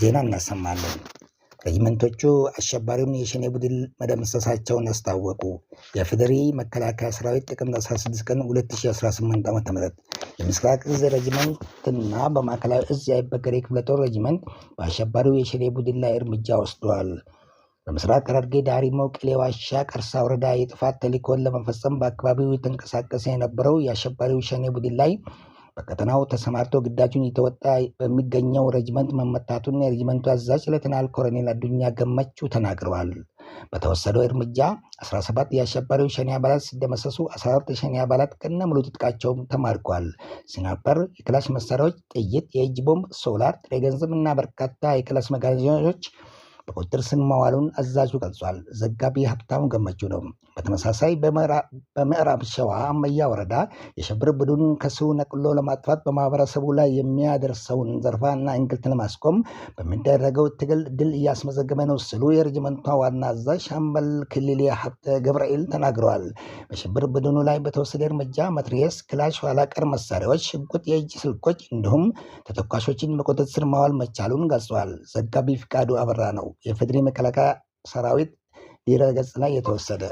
ዜና እናሰማለን። ሬጅመንቶቹ አሸባሪውን የሸኔ ቡድን መደምሰሳቸውን አስታወቁ። የፌዴሪ መከላከያ ሰራዊት ጥቅምት 16 ቀን 2018 ዓ.ም የምስራቅ እዝ ሬጅመንትና በማዕከላዊ እዝ የአይበገሬ ክፍለ ጦር ሬጅመንት በአሸባሪው የሸኔ ቡድን ላይ እርምጃ ወስደዋል። በምስራቅ ሐረርጌ ዳሪሞ ቅሌ ዋሻ ቀርሳ ወረዳ የጥፋት ተልዕኮን ለመፈጸም በአካባቢው የተንቀሳቀሰ የነበረው የአሸባሪው ሸኔ ቡድን ላይ በቀጠናው ተሰማርቶ ግዳጁን የተወጣ በሚገኘው ሬጅመንት መመታቱን የሬጅመንቱ አዛዥ ሌተናል ኮሎኔል አዱኛ ገመቹ ተናግረዋል። በተወሰደው እርምጃ 17 የአሸባሪው ሸኔ አባላት ሲደመሰሱ 14 የሸኔ አባላት ከነ ሙሉ ትጥቃቸውም ተማርኳል። ስናፐር፣ የክላሽ መሳሪያዎች፣ ጥይት፣ የእጅ ቦምብ፣ ሶላር፣ ጥሬ ገንዘብ እና በርካታ የክላሽ መጋዘኖች በቁጥጥር ስር መዋሉን አዛዡ ገልጿል። ዘጋቢ ሀብታሙ ገመቹ ነው። በተመሳሳይ በምዕራብ ሸዋ አመያ ወረዳ የሽብር ቡድን ከሱ ነቅሎ ለማጥፋት በማህበረሰቡ ላይ የሚያደርሰውን ዘርፋና እንግልት ለማስቆም በሚደረገው ትግል ድል እያስመዘገበ ነው ሲሉ የርጅመንቷ ዋና አዛዥ ሻምበል ክልሌ ሀብተ ገብርኤል ተናግረዋል። በሽብር ቡድኑ ላይ በተወሰደ እርምጃ መትሬስ፣ ክላሽ፣ ኋላ ቀር መሳሪያዎች፣ ሽጉጥ፣ የእጅ ስልኮች እንዲሁም ተተኳሾችን በቁጥጥር ስር መዋል መቻሉን ገልጿል። ዘጋቢ ፍቃዱ አበራ ነው። የፌዴራል መከላከያ ሰራዊት ድረ ገጽ ላይ የተወሰደ